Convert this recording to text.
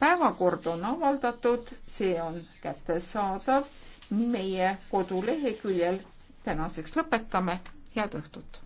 päevakord on avaldatud, see on kättesaadav meie koduleheküljel. tänaseks lõpetame, head õhtut!